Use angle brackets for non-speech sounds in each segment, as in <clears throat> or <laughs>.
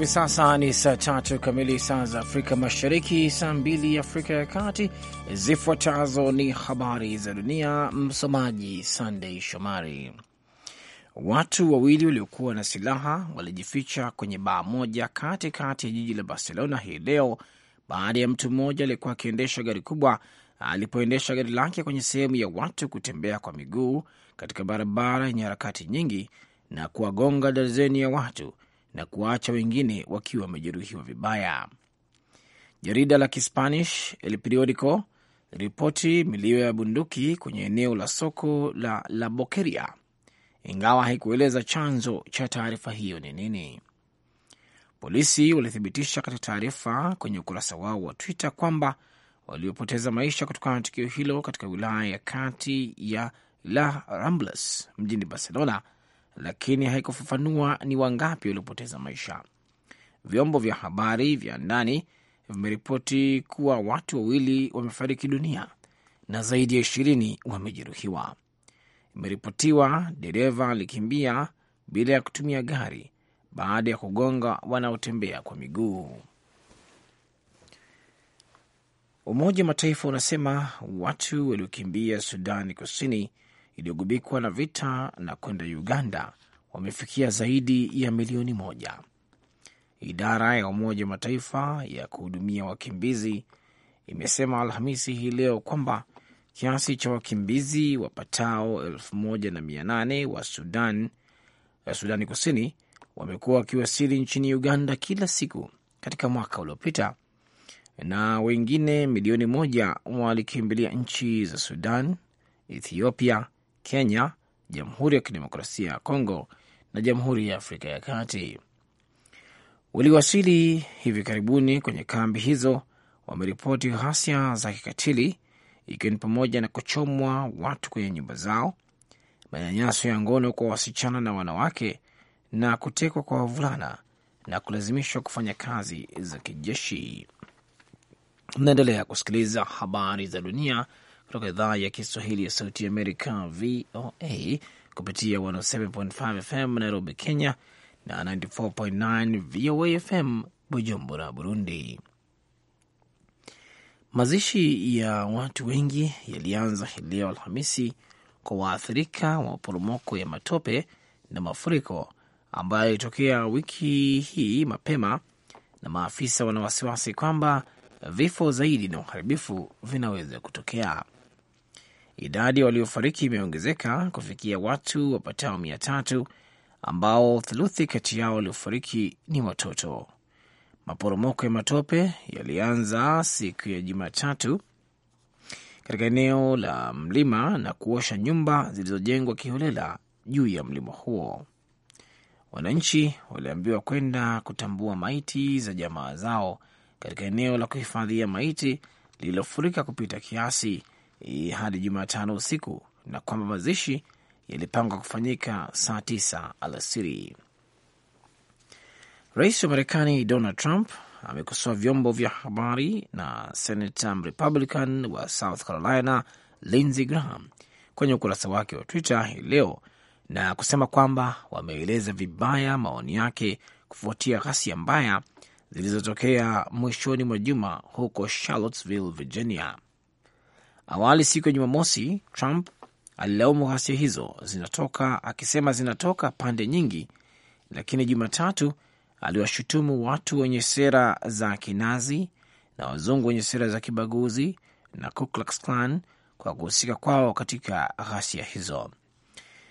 hivi sasa ni saa tatu kamili saa za Afrika Mashariki, saa mbili Afrika ya Kati. Zifuatazo ni habari za dunia, msomaji Sandei Shomari. Watu wawili waliokuwa na silaha walijificha kwenye baa moja katikati kati ya jiji la Barcelona hii leo baada ya mtu mmoja aliyekuwa akiendesha gari kubwa alipoendesha gari lake kwenye sehemu ya watu kutembea kwa miguu katika barabara yenye harakati nyingi na kuwagonga darzeni ya watu na kuwaacha wengine wakiwa wamejeruhiwa vibaya. Jarida la Kispanish El Periodico ripoti milio ya bunduki kwenye eneo la soko la La Bokeria, ingawa haikueleza chanzo cha taarifa hiyo ni nini. Polisi walithibitisha katika taarifa kwenye ukurasa wao wa Twitter kwamba waliopoteza maisha kutokana na tukio hilo katika wilaya ya kati ya La Ramblas mjini Barcelona lakini haikufafanua ni wangapi waliopoteza maisha. Vyombo vya habari vya ndani vimeripoti kuwa watu wawili wamefariki dunia na zaidi ya ishirini wamejeruhiwa. Imeripotiwa dereva alikimbia bila ya kutumia gari baada ya kugonga wanaotembea kwa miguu. Umoja wa Mataifa unasema watu waliokimbia Sudani Kusini iliyogubikwa na vita na kwenda Uganda wamefikia zaidi ya milioni moja. Idara ya Umoja wa Mataifa ya kuhudumia wakimbizi imesema Alhamisi hii leo kwamba kiasi cha wakimbizi wapatao elfu moja na mia nane wa Sudan ya eh, Sudani Kusini wamekuwa wakiwasili nchini Uganda kila siku katika mwaka uliopita na wengine milioni moja walikimbilia nchi za Sudan, Ethiopia, Kenya, Jamhuri ya Kidemokrasia ya Kongo na Jamhuri ya Afrika ya Kati. Waliwasili hivi karibuni kwenye kambi hizo, wameripoti ghasia za kikatili, ikiwa ni pamoja na kuchomwa watu kwenye nyumba zao, manyanyaso ya ngono kwa wasichana na wanawake, na kutekwa kwa wavulana na kulazimishwa kufanya kazi za kijeshi. Mnaendelea kusikiliza habari za dunia kutoka idhaa ya Kiswahili ya Sauti Amerika, VOA, kupitia 107.5 FM Nairobi, Kenya na 94.9 VOA FM Bujumbura, Burundi. Mazishi ya watu wengi yalianza hii leo Alhamisi kwa waathirika wa maporomoko ya matope na mafuriko ambayo yalitokea wiki hii mapema, na maafisa wana wasiwasi kwamba vifo zaidi na uharibifu vinaweza kutokea. Idadi waliofariki imeongezeka kufikia watu wapatao mia tatu ambao theluthi kati yao waliofariki ni watoto. Maporomoko ya matope yalianza siku ya Jumatatu katika eneo la mlima na kuosha nyumba zilizojengwa kiholela juu ya mlima huo. Wananchi waliambiwa kwenda kutambua maiti za jamaa zao katika eneo la kuhifadhia maiti lililofurika kupita kiasi hadi Jumatano usiku na kwamba mazishi yalipangwa kufanyika saa tisa alasiri. Rais wa Marekani Donald Trump amekosoa vyombo vya habari na senata Republican wa South Carolina Lindsey Graham kwenye ukurasa wake wa Twitter hii leo na kusema kwamba wameeleza vibaya maoni yake kufuatia ghasia mbaya zilizotokea mwishoni mwa juma huko Charlottesville, Virginia. Awali siku ya Jumamosi, Trump alilaumu ghasia hizo zinatoka, akisema zinatoka pande nyingi, lakini Jumatatu aliwashutumu watu wenye sera za kinazi na wazungu wenye sera za kibaguzi na Ku Klux Klan kwa kuhusika kwao katika ghasia hizo.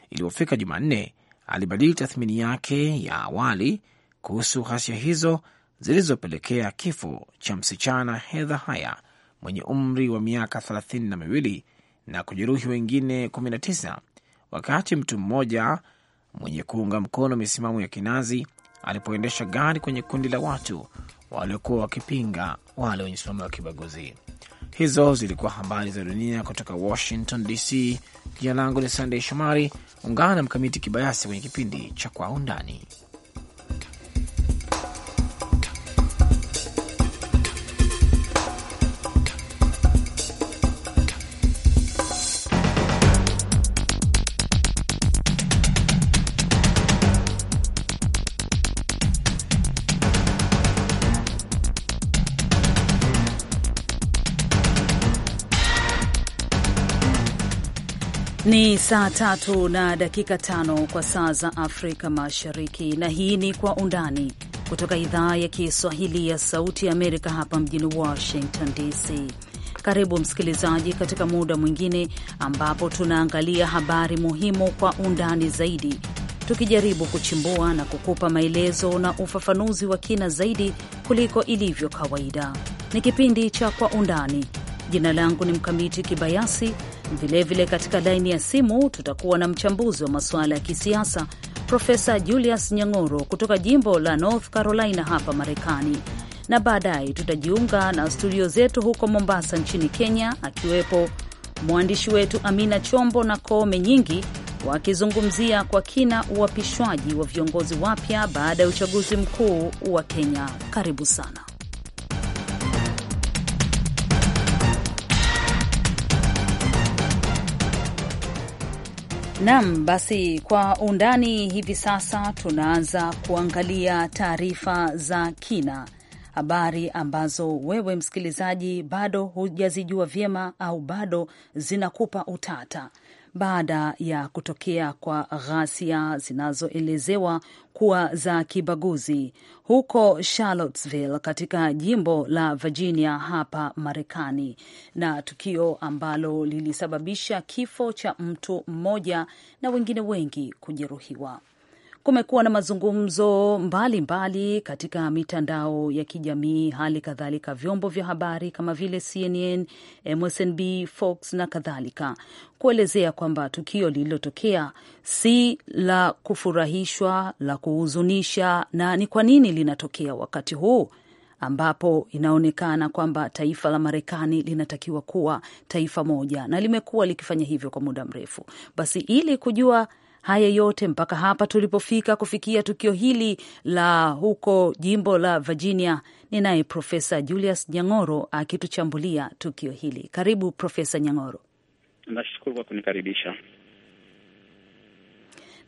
Ilipofika Jumanne, alibadili tathmini yake ya awali kuhusu ghasia hizo zilizopelekea kifo cha msichana Heather Heyer mwenye umri wa miaka thelathini na miwili na kujeruhi wengine 19 wakati mtu mmoja mwenye kuunga mkono misimamo ya kinazi alipoendesha gari kwenye kundi la watu waliokuwa wakipinga wale wenye msimamo wa kibaguzi. Hizo zilikuwa habari za dunia kutoka Washington DC. Jina langu ni Sandey Shomari. Ungana na Mkamiti Kibayasi kwenye kipindi cha Kwa Undani. saa tatu na dakika tano kwa saa za Afrika Mashariki, na hii ni Kwa Undani kutoka idhaa ya Kiswahili ya Sauti ya Amerika hapa mjini Washington DC. Karibu msikilizaji, katika muda mwingine ambapo tunaangalia habari muhimu kwa undani zaidi, tukijaribu kuchimbua na kukupa maelezo na ufafanuzi wa kina zaidi kuliko ilivyo kawaida. Ni kipindi cha Kwa Undani. Jina langu ni Mkamiti Kibayasi Vilevile vile katika laini ya simu tutakuwa na mchambuzi wa masuala ya kisiasa Profesa Julius Nyang'oro kutoka jimbo la North Carolina hapa Marekani, na baadaye tutajiunga na studio zetu huko Mombasa nchini Kenya, akiwepo mwandishi wetu Amina Chombo na Koome Nyingi wakizungumzia kwa kina uapishwaji wa viongozi wapya baada ya uchaguzi mkuu wa Kenya. Karibu sana. Nam, basi kwa undani hivi sasa tunaanza kuangalia taarifa za kina, habari ambazo wewe msikilizaji bado hujazijua vyema au bado zinakupa utata baada ya kutokea kwa ghasia zinazoelezewa kuwa za kibaguzi huko Charlottesville katika jimbo la Virginia hapa Marekani, na tukio ambalo lilisababisha kifo cha mtu mmoja na wengine wengi kujeruhiwa kumekuwa na mazungumzo mbalimbali mbali katika mitandao ya kijamii, hali kadhalika vyombo vya habari kama vile CNN, MSNB, Fox na kadhalika, kuelezea kwamba tukio lililotokea si la kufurahishwa, la kuhuzunisha, na ni kwa nini linatokea wakati huu ambapo inaonekana kwamba taifa la Marekani linatakiwa kuwa taifa moja na limekuwa likifanya hivyo kwa muda mrefu. Basi ili kujua haya yote mpaka hapa tulipofika kufikia tukio hili la huko jimbo la Virginia. Ninaye Profesa Julius Nyang'oro akituchambulia tukio hili. Karibu Profesa Nyang'oro. Nashukuru kwa kunikaribisha.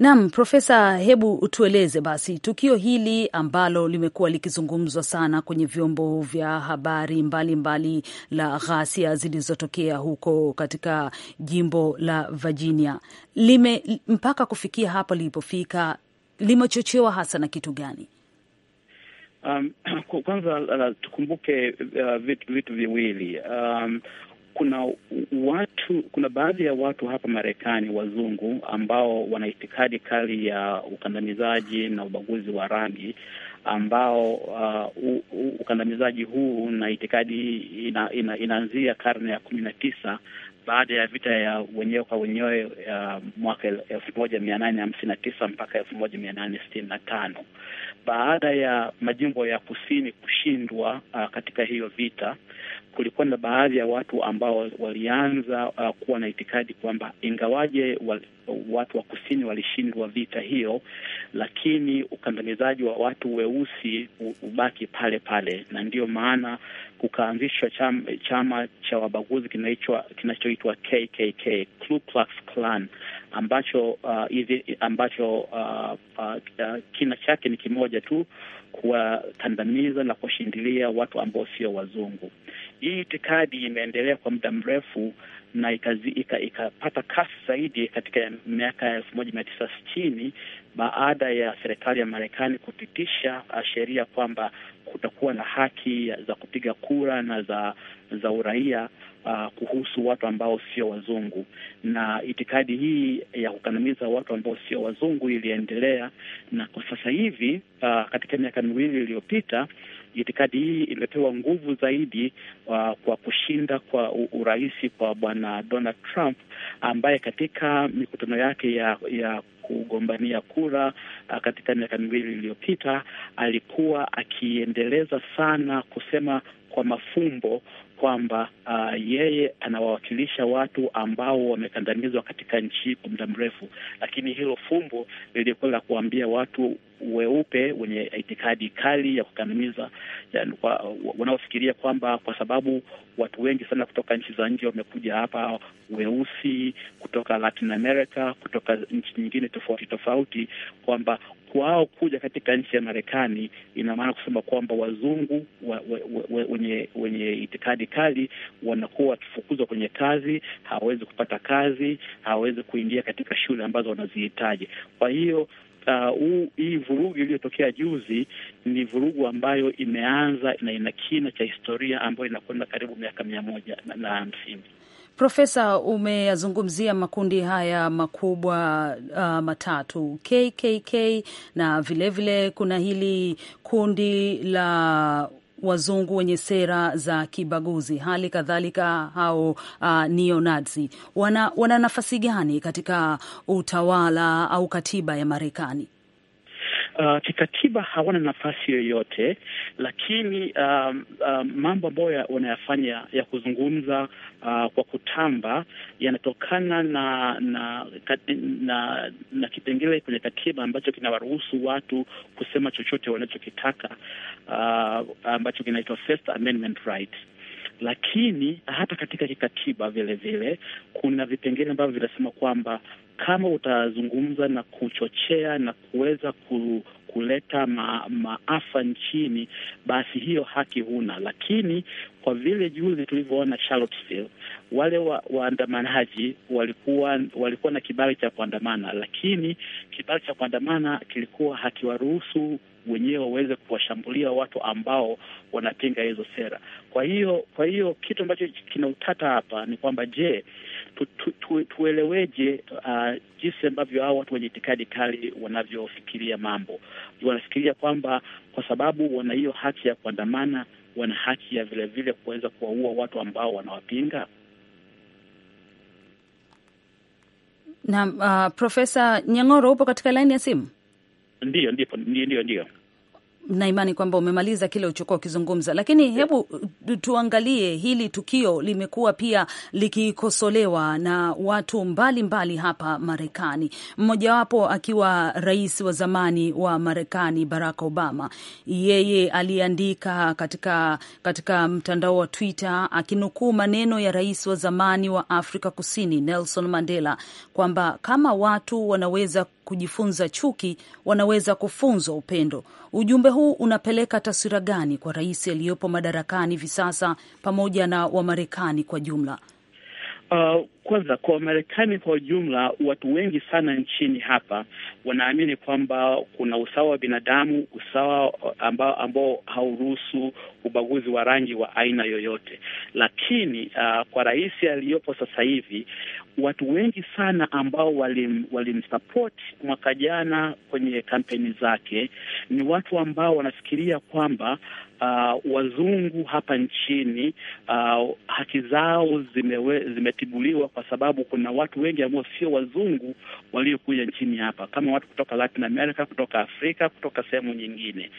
Naam, Profesa, hebu utueleze basi tukio hili ambalo limekuwa likizungumzwa sana kwenye vyombo vya habari mbalimbali mbali, la ghasia zilizotokea huko katika jimbo la Virginia lime mpaka kufikia hapa lilipofika limechochewa hasa na kitu gani? Um, <clears throat> kwanza uh, tukumbuke uh, vitu, vitu viwili um, kuna watu, kuna baadhi ya watu hapa Marekani wazungu ambao wana itikadi kali ya ukandamizaji na ubaguzi wa rangi ambao uh, ukandamizaji huu na itikadi ina, ina, inaanzia karne ya kumi na tisa baada ya vita ya wenyewe kwa wenyewe ya mwaka elfu moja mia nane hamsini na tisa mpaka elfu moja mia nane sitini na tano baada ya majimbo ya kusini kushindwa uh, katika hiyo vita kulikuwa na baadhi ya watu ambao walianza uh, kuwa na itikadi kwamba ingawaje wal, watu wa kusini walishindwa vita hiyo, lakini ukandamizaji wa watu weusi ubaki pale pale, na ndiyo maana kukaanzishwa chama, chama cha wabaguzi kinachoitwa KKK, Ku Klux Klan ambacho uh, hivi ambacho uh, uh, uh, kina chake ni kimoja tu, kuwakandamiza na kuwashindilia watu ambao sio wazungu. Hii itikadi imeendelea kwa muda mrefu na ikapata ika, ika kasi zaidi katika miaka ya elfu moja mia tisa sitini baada ya serikali ya Marekani kupitisha uh, sheria kwamba kutakuwa na haki za kupiga kura na za za uraia uh, kuhusu watu ambao sio wazungu, na itikadi hii ya kukandamiza watu ambao sio wazungu iliendelea, na kwa sasa hivi uh, katika miaka miwili iliyopita itikadi hii imepewa nguvu zaidi uh, kwa kushinda kwa urais kwa Bwana Donald Trump ambaye katika mikutano yake ya, ya kugombania kura uh, katika miaka miwili iliyopita, alikuwa akiendeleza sana kusema kwa mafumbo kwamba uh, yeye anawawakilisha watu ambao wamekandamizwa katika nchi kwa muda mrefu, lakini hilo fumbo lilikuwa la kuambia watu weupe wenye itikadi kali ya kukandamiza wanaofikiria kwamba kwa sababu watu wengi sana kutoka nchi za nje wamekuja hapa, weusi kutoka Latin America, kutoka nchi nyingine tofauti tofauti, kwamba kwao kuja katika nchi ya Marekani ina maana kusema kwamba wazungu wa, wa, wa, wenye wenye itikadi kali wanakuwa wakifukuzwa kwenye kazi, hawawezi kupata kazi, hawawezi kuingia katika shule ambazo wanazihitaji. Kwa hiyo Uh, hii uh, vurugu iliyotokea juzi ni vurugu ambayo imeanza na ina kina cha historia ambayo inakwenda karibu miaka mia moja na hamsini. Profesa, umeyazungumzia makundi haya makubwa uh, matatu KKK na vilevile vile kuna hili kundi la wazungu wenye sera za kibaguzi, hali kadhalika hao uh, neo wana, wana nafasi gani katika utawala au katiba ya Marekani? uh, kikatiba hawana nafasi yoyote, lakini uh, uh, mambo ambayo wanayafanya ya kuzungumza uh, kwa kutamba yanatokana na na, na, na, na kipengele kwenye katiba ambacho kinawaruhusu watu kusema chochote wanachokitaka, uh, ambacho kinaitwa First Amendment right lakini hata katika kikatiba vile vile kuna vipengele ambavyo vinasema kwamba kama utazungumza na kuchochea na kuweza ku, kuleta ma, maafa nchini, basi hiyo haki huna. Lakini kwa vile juzi tulivyoona Charlottesville, wale wa, waandamanaji walikuwa walikuwa na kibali cha kuandamana, lakini kibali cha kuandamana kilikuwa hakiwaruhusu wenyewe waweze kuwashambulia watu ambao wanapinga hizo sera. Kwa hiyo kwa hiyo kitu ambacho kina utata hapa ni kwamba je, tu, tu, tu, tueleweje uh, jinsi ambavyo hao watu wenye itikadi kali wanavyofikiria mambo. Wanafikiria kwamba kwa sababu wana hiyo haki ya kuandamana, wana haki ya vilevile kuweza kuwaua watu ambao wanawapinga nam uh, Profesa Nyang'oro, upo katika laini ya simu? Ndiyo, ndiyo, ndiyo, ndiyo. Na kwamba umemaliza kile ulichokuwa ukizungumza, lakini hebu tuangalie hili tukio. Limekuwa pia likikosolewa na watu mbalimbali mbali hapa Marekani, mmojawapo akiwa rais wa zamani wa Marekani Barack Obama. Yeye aliandika katika, katika mtandao wa Twitter akinukuu maneno ya rais wa zamani wa Afrika Kusini Nelson Mandela kwamba kama watu wanaweza kujifunza chuki wanaweza kufunzwa upendo. Ujumbe huu unapeleka taswira gani kwa rais aliyopo madarakani hivi sasa pamoja na Wamarekani kwa jumla? Uh, kwanza kwa Wamarekani kwa ujumla, watu wengi sana nchini hapa wanaamini kwamba kuna usawa wa binadamu, usawa uh, ambao ambao hauruhusu ubaguzi wa rangi wa aina yoyote. Lakini uh, kwa rais aliyopo sasa hivi watu wengi sana ambao walimsupport wali mwaka jana kwenye kampeni zake ni watu ambao wanafikiria kwamba uh, wazungu hapa nchini uh, haki zao zimewe, zimetibuliwa kwa sababu kuna watu wengi ambao sio wazungu waliokuja nchini hapa, kama watu kutoka Latin America, kutoka Afrika, kutoka sehemu nyingine,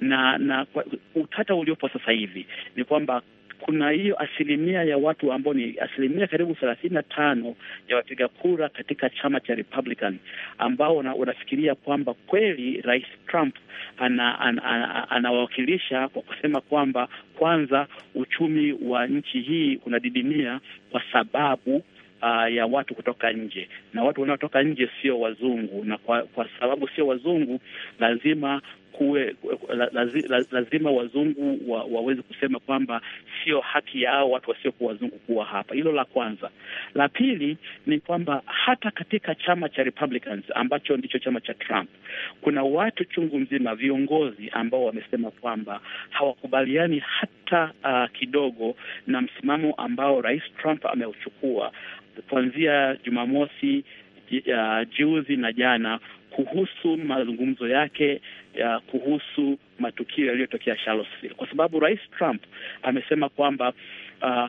na na utata uliopo sasa hivi ni kwamba kuna hiyo asilimia ya watu ambao ni asilimia karibu thelathini na tano ya wapiga kura katika chama cha Republican ambao wanafikiria kwamba kweli Rais Trump anawakilisha ana, ana, ana kwa kusema kwamba kwanza uchumi wa nchi hii unadidimia kwa sababu Uh, ya watu kutoka nje na watu wanaotoka nje sio wazungu, na kwa, kwa sababu sio wazungu lazima kuwe lazima wazungu wa, waweze kusema kwamba sio haki yao watu wasiokuwa wazungu kuwa hapa. Hilo la kwanza. La pili ni kwamba hata katika chama cha Republicans ambacho ndicho chama cha Trump, kuna watu chungu mzima, viongozi ambao wamesema kwamba hawakubaliani hata uh, kidogo na msimamo ambao Rais Trump ameuchukua kuanzia Jumamosi juzi na jana kuhusu mazungumzo yake ya kuhusu matukio yaliyotokea Charlottesville, kwa sababu Rais Trump amesema kwamba uh,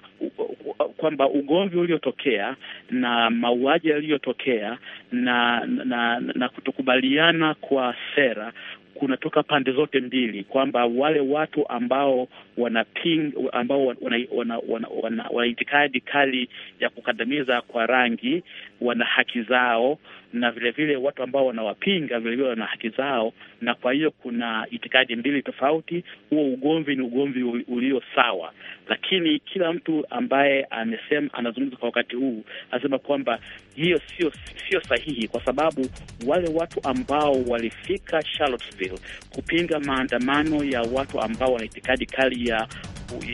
kwamba ugomvi uliotokea na mauaji yaliyotokea na na, na kutokubaliana kwa sera kunatoka pande zote mbili, kwamba wale watu ambao wanaping ambao wana, wana, wana, wana, wana itikadi kali ya kukandamiza kwa rangi wana haki zao na vilevile watu ambao wanawapinga vilevile wana haki zao, na kwa hiyo kuna itikadi mbili tofauti. Huo ugomvi ni ugomvi ulio sawa, lakini kila mtu ambaye amesema anazungumza kwa wakati huu anasema kwamba hiyo sio sio sahihi, kwa sababu wale watu ambao walifika Charlottesville kupinga maandamano ya watu ambao wana itikadi kali ya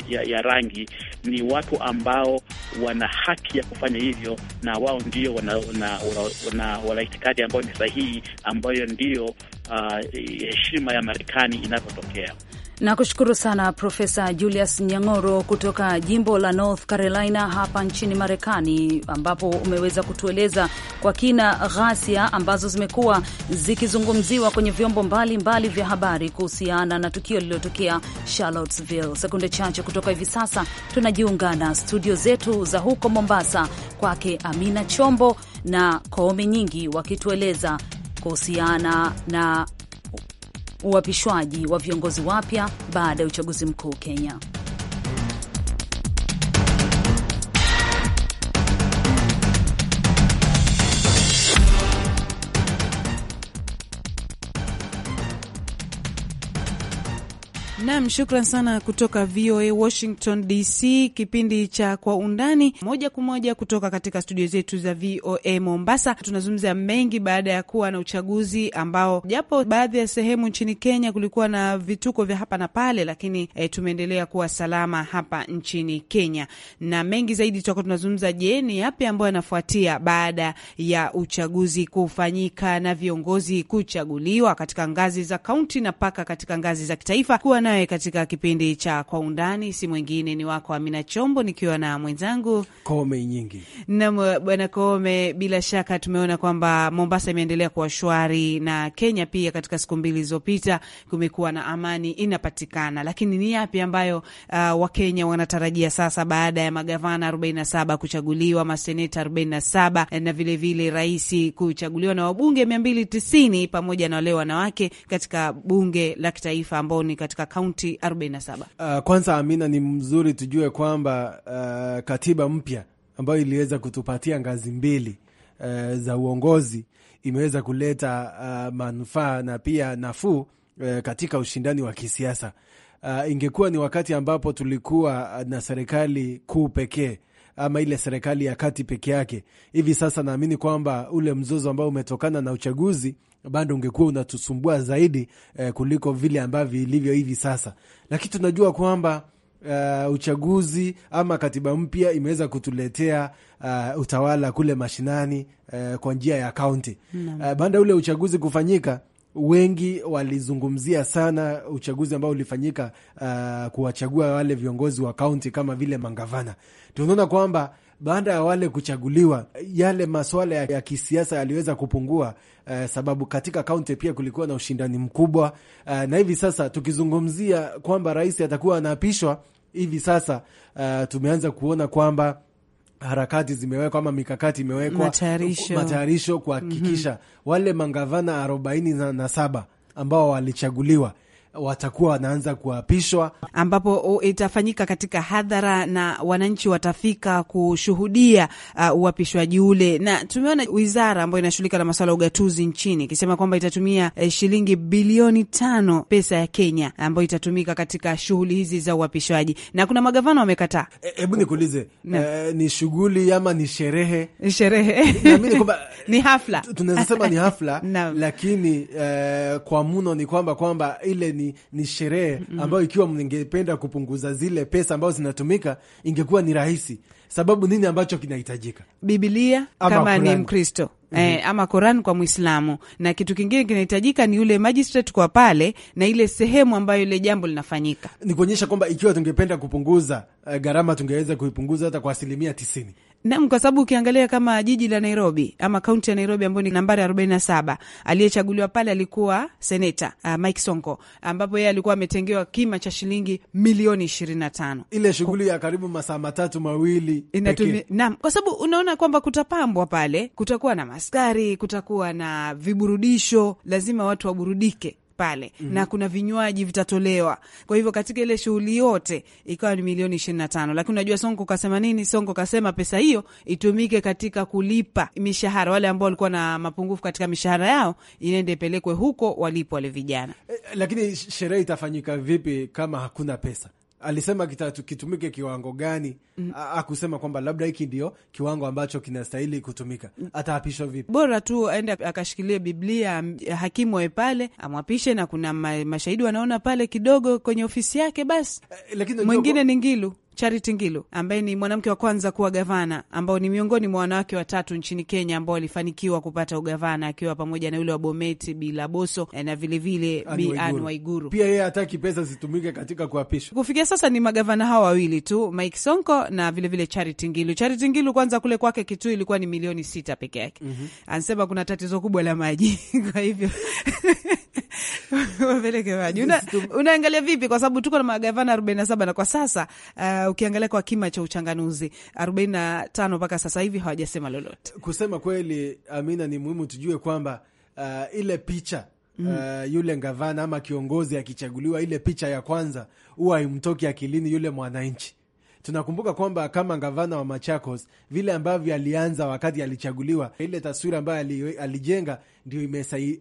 ya, ya rangi ni watu ambao wana haki ya kufanya hivyo, na wao ndio wana, wana, wana, wana itikadi ambayo ni sahihi, ambayo ndiyo ah, heshima uh, ya Marekani inavyotokea. Nakushukuru sana Profesa Julius Nyang'oro kutoka jimbo la North Carolina hapa nchini Marekani, ambapo umeweza kutueleza kwa kina ghasia ambazo zimekuwa zikizungumziwa kwenye vyombo mbalimbali vya habari kuhusiana na tukio lililotokea Charlottesville. Sekunde chache kutoka hivi sasa tunajiunga na studio zetu za huko Mombasa, kwake Amina Chombo na Koome Nyingi wakitueleza kuhusiana na uapishwaji wa viongozi wapya baada ya uchaguzi mkuu Kenya. Nam, shukran sana kutoka VOA Washington DC, kipindi cha Kwa Undani, moja kwa moja kutoka katika studio zetu za VOA Mombasa. Tunazungumza mengi baada ya kuwa na uchaguzi ambao, japo baadhi ya sehemu nchini Kenya kulikuwa na vituko vya hapa na pale, lakini e, tumeendelea kuwa salama hapa nchini Kenya, na mengi zaidi tutakuwa tunazungumza. Je, ni yapi ambayo yanafuatia baada ya uchaguzi kufanyika na viongozi kuchaguliwa katika ngazi za kaunti na mpaka katika ngazi za kitaifa kuwa nayo naye katika kipindi cha Kwa Undani si mwingine ni wako Amina Chombo, nikiwa na mwenzangu Kome Nyingi. Nam Bwana Kome, bila shaka tumeona kwamba Mombasa imeendelea kuwa shwari na Kenya pia, katika siku mbili zilizopita kumekuwa na amani inapatikana, lakini ni yapi ambayo uh, Wakenya wanatarajia sasa baada ya magavana 47 kuchaguliwa, maseneta 47 na vilevile eh, rais kuchaguliwa na wabunge 290 pamoja na wale wanawake katika bunge la kitaifa ambao ni katika kaunti kaunti 47. Uh, kwanza Amina, ni mzuri tujue kwamba uh, katiba mpya ambayo iliweza kutupatia ngazi mbili uh, za uongozi imeweza kuleta uh, manufaa na pia nafuu uh, katika ushindani wa kisiasa. Uh, ingekuwa ni wakati ambapo tulikuwa na serikali kuu pekee ama ile serikali ya kati peke yake. Hivi sasa naamini kwamba ule mzozo ambao umetokana na uchaguzi bado ungekuwa unatusumbua zaidi eh, kuliko vile ambavyo ilivyo hivi sasa, lakini tunajua kwamba Uh, uchaguzi ama katiba mpya imeweza kutuletea uh, utawala kule mashinani uh, kwa njia ya kaunti uh, baada ule uchaguzi kufanyika wengi walizungumzia sana uchaguzi ambao ulifanyika uh, kuwachagua wale viongozi wa kaunti kama vile mangavana. Tunaona kwamba baada ya wale kuchaguliwa, yale masuala ya kisiasa yaliweza kupungua, uh, sababu katika kaunti pia kulikuwa na ushindani mkubwa uh, na hivi sasa tukizungumzia kwamba rais atakuwa anaapishwa hivi sasa, uh, tumeanza kuona kwamba harakati zimewekwa ama mikakati imewekwa, matayarisho kuhakikisha mm -hmm. wale mangavana arobaini na saba ambao walichaguliwa watakuwa wanaanza kuapishwa, ambapo itafanyika katika hadhara na wananchi watafika kushuhudia uapishwaji ule. Na tumeona wizara ambayo inashughulika na masuala ya ugatuzi nchini ikisema kwamba itatumia uh, shilingi bilioni tano pesa ya Kenya ambayo itatumika katika shughuli hizi za uapishwaji, na kuna magavana wamekataa. E, hebu e, nikuulize e, ni shughuli ama ni sherehe? Sherehe <laughs> ni hafla, tunaweza sema ni hafla <laughs> lakini eh, kwa muno ni kwamba kwamba ile ni, ni sherehe ambayo ikiwa mngependa kupunguza zile pesa ambazo zinatumika ingekuwa ni rahisi. Sababu nini ambacho kinahitajika? Bibilia ama kama Kurani. Ni Mkristo Mm -hmm. Eh, ama Quran kwa Mwislamu. Na kitu kingine kinahitajika ni yule magistrate kwa pale na ile sehemu ambayo ile jambo linafanyika. Ni kuonyesha kwamba ikiwa tungependa kupunguza uh, gharama tungeweza kuipunguza hata kwa asilimia tisini. Naam, kwa sababu ukiangalia kama jiji la Nairobi ama kaunti ya Nairobi ambayo ni nambari 47, aliyechaguliwa pale alikuwa seneta uh, Mike Sonko, ambapo yeye alikuwa ametengewa kima cha shilingi milioni 25. Ile shughuli ya karibu masaa matatu mawili inatumia. Naam, kwa sababu unaona kwamba kutapambwa pale, kutakuwa na maskari, kutakuwa na viburudisho, lazima watu waburudike pale mm -hmm. na kuna vinywaji vitatolewa. Kwa hivyo katika ile shughuli yote ikawa ni milioni ishirini na tano, lakini unajua Sonko kasema nini? Sonko kasema pesa hiyo itumike katika kulipa mishahara wale ambao walikuwa na mapungufu katika mishahara yao, inende ipelekwe huko walipo wale vijana. Eh, lakini sherehe itafanyika vipi kama hakuna pesa? alisema kitumike kiwango gani? mm Akusema kwamba labda hiki ndio kiwango ambacho kinastahili kutumika. Ataapishwa vipi? Bora tu aende akashikilie Biblia, hakimu wawe pale amwapishe, na kuna mashahidi wanaona pale kidogo kwenye ofisi yake, basi. Eh, lakini mwingine ni Ngilu Charity Ngilu ambaye ni mwanamke wa kwanza kuwa gavana, ambao ni miongoni mwa wanawake watatu nchini Kenya ambao walifanikiwa kupata ugavana, akiwa pamoja na yule wa Bometi bila boso eh, na vilevile Bi Anne Waiguru. Pia yeye hataki pesa zitumike katika kuapishwa. Kufikia sasa ni magavana hawa wawili tu, Mike Sonko na vilevile vile Charity Ngilu. Charity Ngilu kwanza kule kwake Kitui ilikuwa ni milioni sita peke yake. mm -hmm. Anasema kuna tatizo kubwa la maji <laughs> kwa hivyo <laughs> <laughs> wapeleke maji. Una, unaangalia vipi? Kwa sababu tuko na magavana arobaini na saba na kwa sasa uh, ukiangalia kwa kima cha uchanganuzi arobaini na tano mpaka sasa hivi hawajasema lolote. Kusema kweli, Amina, ni muhimu tujue kwamba uh, ile picha Mm Uh, yule gavana ama kiongozi akichaguliwa, ile picha ya kwanza huwa imtoki akilini yule mwananchi. Tunakumbuka kwamba kama gavana wa Machakos, vile ambavyo alianza wakati alichaguliwa, ile taswira ambayo alijenga ndio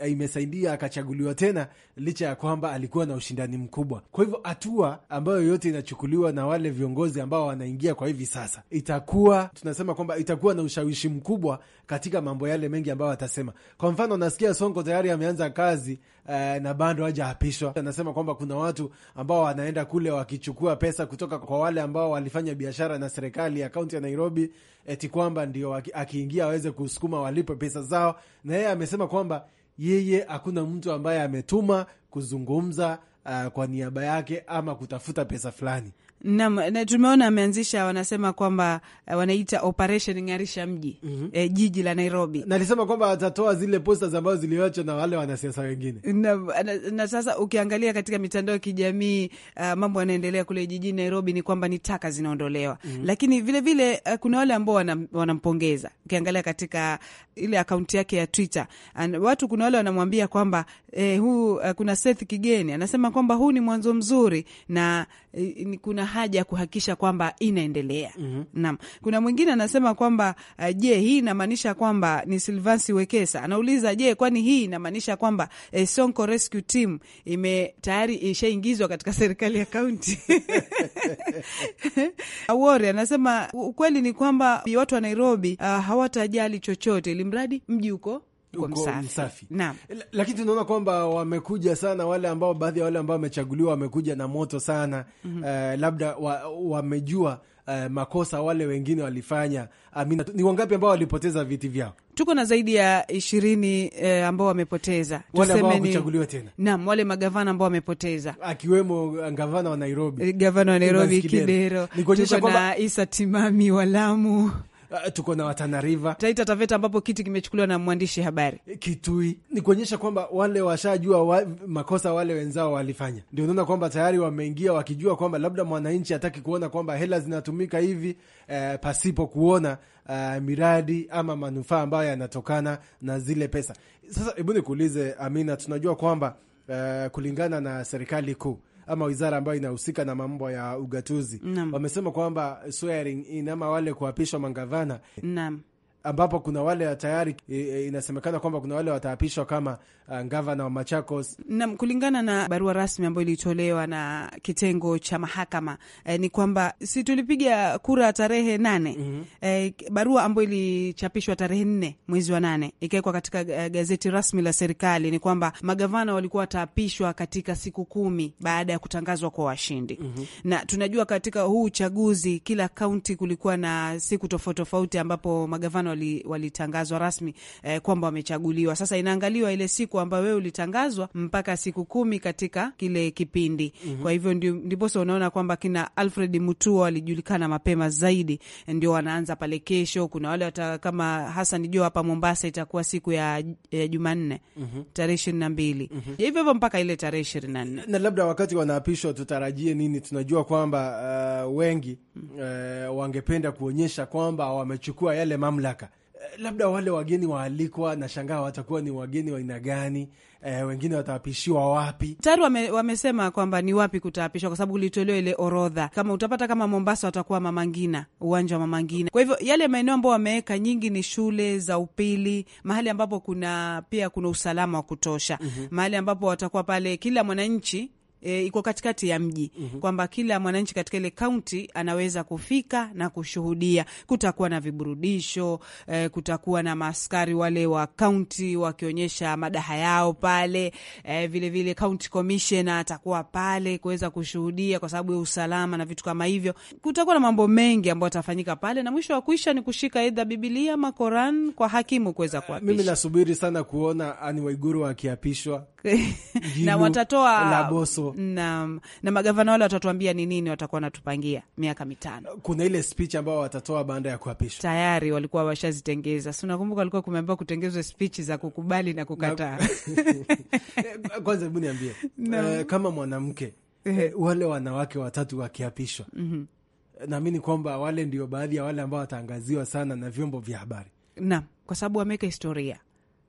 imesaidia akachaguliwa tena, licha ya kwamba alikuwa na ushindani mkubwa. Kwa hivyo hatua ambayo yote inachukuliwa na wale viongozi ambao wanaingia kwa hivi sasa, itakuwa tunasema kwamba itakuwa na ushawishi mkubwa katika mambo yale mengi ambayo atasema Kwa mfano, nasikia Sonko tayari ameanza kazi eh, na bado hajaapishwa. Anasema kwamba kuna watu ambao wanaenda kule wakichukua pesa kutoka kwa wale ambao walifanya biashara na serikali ya kaunti ya Nairobi eti kwamba ndio akiingia aweze kusukuma walipe pesa zao, na yeye amesema kwamba yeye hakuna mtu ambaye ametuma kuzungumza uh, kwa niaba yake ama kutafuta pesa fulani. Nam na tumeona ameanzisha, wanasema kwamba eh, wanaita operation ng'arisha mji mm -hmm. E, jiji la Nairobi, na alisema kwamba atatoa zile posters ambazo ziliachwa na wale wanasiasa wengine na, na, na sasa ukiangalia katika mitandao ya kijamii uh, mambo yanaendelea kule jijini Nairobi ni kwamba ni taka zinaondolewa mm -hmm. Lakini vilevile vile, uh, kuna wale ambao wanampongeza wana ukiangalia katika ile akaunti yake ya Twitter And watu kuna wale wanamwambia kwamba eh, huu uh, kuna Seth Kigeni anasema kwamba huu ni mwanzo mzuri na Eh, kuna haja ya kuhakikisha kwamba inaendelea. mm -hmm. Naam, kuna mwingine anasema kwamba uh, je, hii inamaanisha kwamba ni Silvansi Wekesa anauliza, je, kwani hii inamaanisha kwamba eh, Sonko Rescue Team ime tayari ishaingizwa katika serikali ya kaunti? <laughs> Awori anasema ukweli ni kwamba watu wa Nairobi uh, hawatajali chochote, ili mradi mji uko lakini tunaona kwamba wamekuja sana wale ambao baadhi ya wale ambao wamechaguliwa wamekuja na moto sana mm -hmm. Uh, labda wamejua wa Uh, eh, makosa wale wengine walifanya. Amina, ni wangapi ambao walipoteza viti vyao? Tuko na zaidi ya ishirini uh, ambao wamepoteza, wale ambao tena. Naam, wale magavana ambao wamepoteza, akiwemo gavana wa Nairobi, gavana wa Nairobi Kidero, Kidero. Tuko Isa Timami wa Lamu Eh, tuko na Watana River, Taita Taveta ambapo kiti kimechukuliwa na mwandishi habari eh, Kitui. Ni kuonyesha kwamba wale washajua wa, makosa wale wenzao walifanya, ndio unaona kwamba tayari wameingia wakijua kwamba labda mwananchi hataki kuona kwamba hela zinatumika hivi eh, pasipo kuona Uh, miradi ama manufaa ambayo yanatokana na zile pesa. Sasa hebu nikuulize Amina, tunajua kwamba uh, kulingana na serikali kuu ama wizara ambayo inahusika na mambo ya ugatuzi, wamesema kwamba swearing in ama wale kuapishwa mangavana ambapo kuna wale tayari e, e, inasemekana kwamba kuna wale wataapishwa kama uh, gavana wa Machakos. Naam, kulingana na barua rasmi ambayo ilitolewa na kitengo cha mahakama eh, ni kwamba si tulipiga kura tarehe nane mm -hmm. eh, barua ambayo ilichapishwa tarehe nne mwezi wa nane ikawekwa katika eh, gazeti rasmi la serikali ni kwamba magavana walikuwa wataapishwa katika siku kumi baada ya kutangazwa kwa washindi mm -hmm. na tunajua katika huu uchaguzi kila kaunti kulikuwa na siku tofauti tofauti ambapo magavana walitangazwa wali rasmi eh, kwamba wamechaguliwa. Sasa inaangaliwa ile siku ambayo wewe ulitangazwa mpaka siku kumi katika kile kipindi mm -hmm. Kwa hivyo ndiposa unaona kwamba kina Alfred Mutua walijulikana mapema zaidi, ndio wanaanza pale kesho. Kuna wale wata, kama Hasan Jo hapa Mombasa itakuwa siku ya, ya Jumanne mm -hmm. tarehe ishirini na mbili mm -hmm. hivyo hivyo mpaka ile tarehe ishirini na nne na labda wakati wanaapishwa tutarajie nini? Tunajua kwamba uh, wengi uh, wangependa kuonyesha kwamba wamechukua yale mamlaka labda wale wageni waalikwa, nashangaa watakuwa ni wageni wa aina gani? E, wengine wataapishiwa wapi? Tayari wame, wamesema kwamba ni wapi kutaapishwa, kwa sababu ulitolewa ile orodha. Kama utapata kama Mombasa, watakuwa mamangina uwanja wa mamangina Kwa hivyo yale maeneo ambayo wameweka nyingi ni shule za upili, mahali ambapo kuna pia kuna usalama wa kutosha, mm -hmm. mahali ambapo watakuwa pale, kila mwananchi e, iko katikati ya mji mm -hmm. kwamba kila mwananchi katika ile kaunti anaweza kufika na kushuhudia. Kutakuwa na viburudisho e, kutakuwa na maaskari wale wa kaunti wakionyesha madaha yao pale e, vile vile county commissioner atakuwa pale kuweza kushuhudia kwa sababu ya usalama na vitu kama hivyo. Kutakuwa na mambo mengi ambayo atafanyika pale, na mwisho wa kuisha ni kushika aidha Biblia ama Koran kwa hakimu kuweza ah, kuapisha. Mimi nasubiri sana kuona Ani Waiguru akiapishwa na watatoa na, na magavana wale watatuambia ni nini watakuwa wanatupangia miaka mitano. Kuna ile speech ambao watatoa baada ya kuapishwa, tayari walikuwa washazitengeza. Si unakumbuka walikuwa kumeambiwa kutengezwa speech za kukubali na kukataa. <laughs> Kwanza hebu niambie no. Eh, kama mwanamke eh. Eh, wale wanawake watatu wakiapishwa, mm -hmm. naamini kwamba wale ndio baadhi ya wale ambao wataangaziwa sana na vyombo vya habari, naam, kwa sababu wameweka historia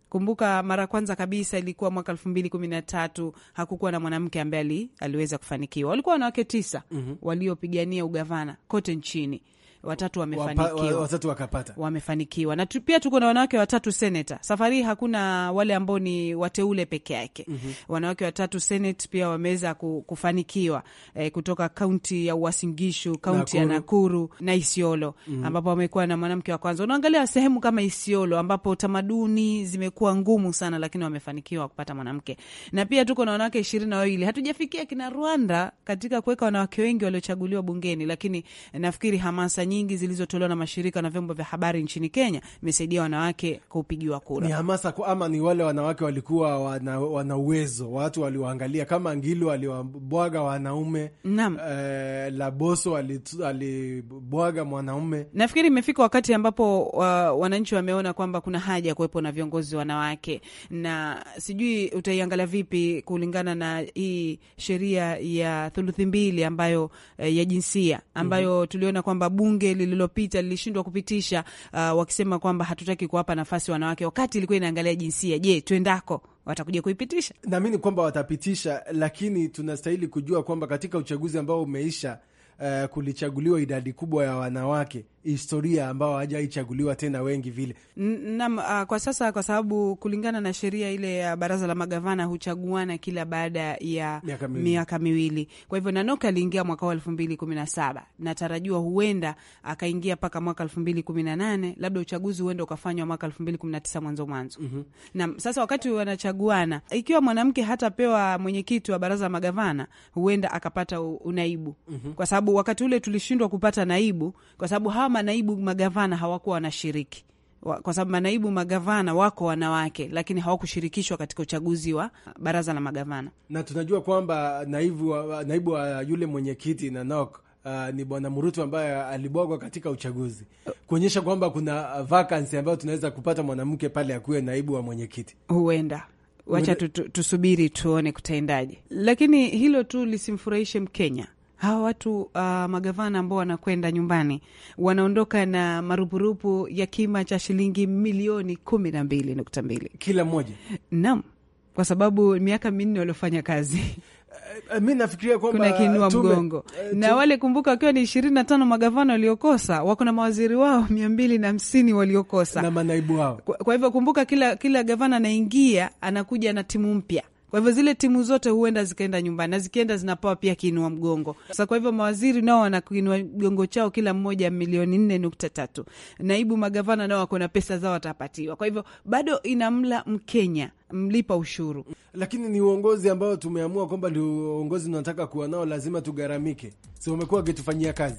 Kumbuka mara kwanza kabisa ilikuwa mwaka elfu mbili kumi na tatu hakukuwa na mwanamke ambaye aliweza kufanikiwa. Walikuwa wanawake tisa mm -hmm. waliopigania ugavana kote nchini watatu wamefanikiwa, watatu wakapata, wamefanikiwa. Na pia tuko na wanawake watatu seneta. Safari hii hakuna wale ambao ni wateule peke yake. mm -hmm. Wanawake watatu senate pia wameweza kufanikiwa eh, kutoka kaunti ya Uasin Gishu, kaunti ya Nakuru na Isiolo mm -hmm. ambapo wamekuwa na mwanamke wa kwanza. Unaangalia sehemu kama Isiolo ambapo tamaduni zimekuwa ngumu sana, lakini wamefanikiwa kupata mwanamke. Na pia tuko na wanawake ishirini na wawili. Hatujafikia kina Rwanda katika kuweka wanawake wengi waliochaguliwa bungeni, lakini nafikiri hamasa nyingi zilizotolewa na mashirika na vyombo vya habari nchini Kenya imesaidia wanawake kupigiwa kura. Ni hamasa kwa ama ni wale wanawake walikuwa wana, wana uwezo, watu waliwaangalia kama Ngilu aliwabwaga wanaume eh, Laboso alibwaga mwanaume. Nafikiri imefika wakati ambapo wa, wananchi wameona kwamba kuna haja ya kuwepo na viongozi wanawake, na sijui utaiangalia vipi kulingana na hii sheria ya thuluthi mbili ambayo eh, ya jinsia ambayo mm -hmm. tuliona kwamba bunge bunge lililopita lilishindwa kupitisha uh, wakisema kwamba hatutaki kuwapa nafasi wanawake, wakati ilikuwa inaangalia jinsia. Je, twendako watakuja kuipitisha? Naamini kwamba watapitisha, lakini tunastahili kujua kwamba katika uchaguzi ambao umeisha, uh, kulichaguliwa idadi kubwa ya wanawake historia ambao hawajaichaguliwa tena wengi vile. nam uh, kwa sasa kwa sababu kulingana na sheria ile ya baraza la magavana huchaguana kila baada ya miaka miwili. Kwa hivyo Nanoka aliingia mwaka wa elfu mbili kumi na saba natarajiwa huenda akaingia mpaka mwaka elfu mbili kumi na nane labda uchaguzi huenda ukafanywa mwaka elfu mbili kumi na tisa mwanzo mwanzo. mm -hmm. Nam sasa wakati wanachaguana, ikiwa mwanamke hatapewa mwenyekiti wa baraza la magavana huenda akapata unaibu. mm -hmm. kwa sababu wakati ule tulishindwa kupata naibu kwa sababu hawa manaibu magavana hawakuwa wanashiriki kwa sababu manaibu magavana wako wanawake, lakini hawakushirikishwa katika uchaguzi wa baraza la magavana. Na tunajua kwamba naibu wa, naibu wa yule mwenyekiti NOK Uh, ni Bwana Murutu ambaye alibwagwa katika uchaguzi kuonyesha kwamba kuna vakansi ambayo tunaweza kupata mwanamke pale akuwe naibu wa mwenyekiti. Huenda wacha tusubiri tuone kutaendaje, lakini hilo tu lisimfurahishe Mkenya hawa watu uh, magavana ambao wanakwenda nyumbani wanaondoka na marupurupu ya kima cha shilingi milioni kumi na mbili nukta mbili kila mmoja. nam, kwa sababu miaka minne waliofanya kazi <laughs> eh, eh, mi nafikiria kwamba kuna mgongo tume, eh, na wale kumbuka, wakiwa ni ishirini na tano magavana waliokosa, wako na mawaziri wao mia mbili na hamsini waliokosa na manaibu wao. Kwa, kwa hivyo kumbuka, kila, kila gavana anaingia anakuja na timu mpya kwa hivyo zile timu zote huenda zikaenda nyumbani, na zikienda zinapawa pia kiinua mgongo. Sasa kwa hivyo mawaziri nao wana kiinua mgongo chao, kila mmoja milioni nne nukta tatu. Naibu magavana nao wako na pesa zao, watapatiwa. Kwa hivyo bado inamla Mkenya mlipa ushuru, lakini ni uongozi ambao tumeamua kwamba ndio uongozi tunataka kuwa nao, lazima tugaramike. So umekuwa wakitufanyia kazi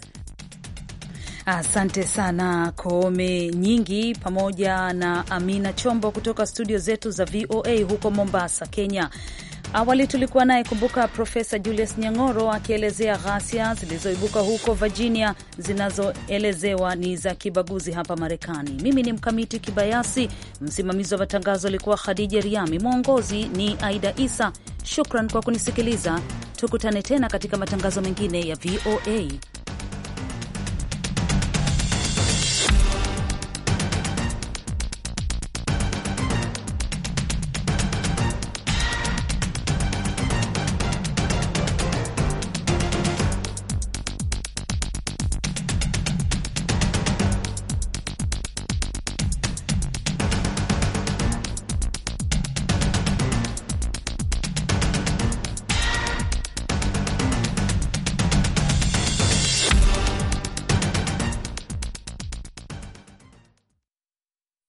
Asante sana Koome Nyingi pamoja na Amina Chombo kutoka studio zetu za VOA huko Mombasa, Kenya. Awali tulikuwa naye kumbuka, Profesa Julius Nyang'oro akielezea ghasia zilizoibuka huko Virginia zinazoelezewa ni za kibaguzi hapa Marekani. Mimi ni Mkamiti Kibayasi, msimamizi wa matangazo alikuwa Khadija Riami, mwongozi ni Aida Isa. Shukran kwa kunisikiliza, tukutane tena katika matangazo mengine ya VOA.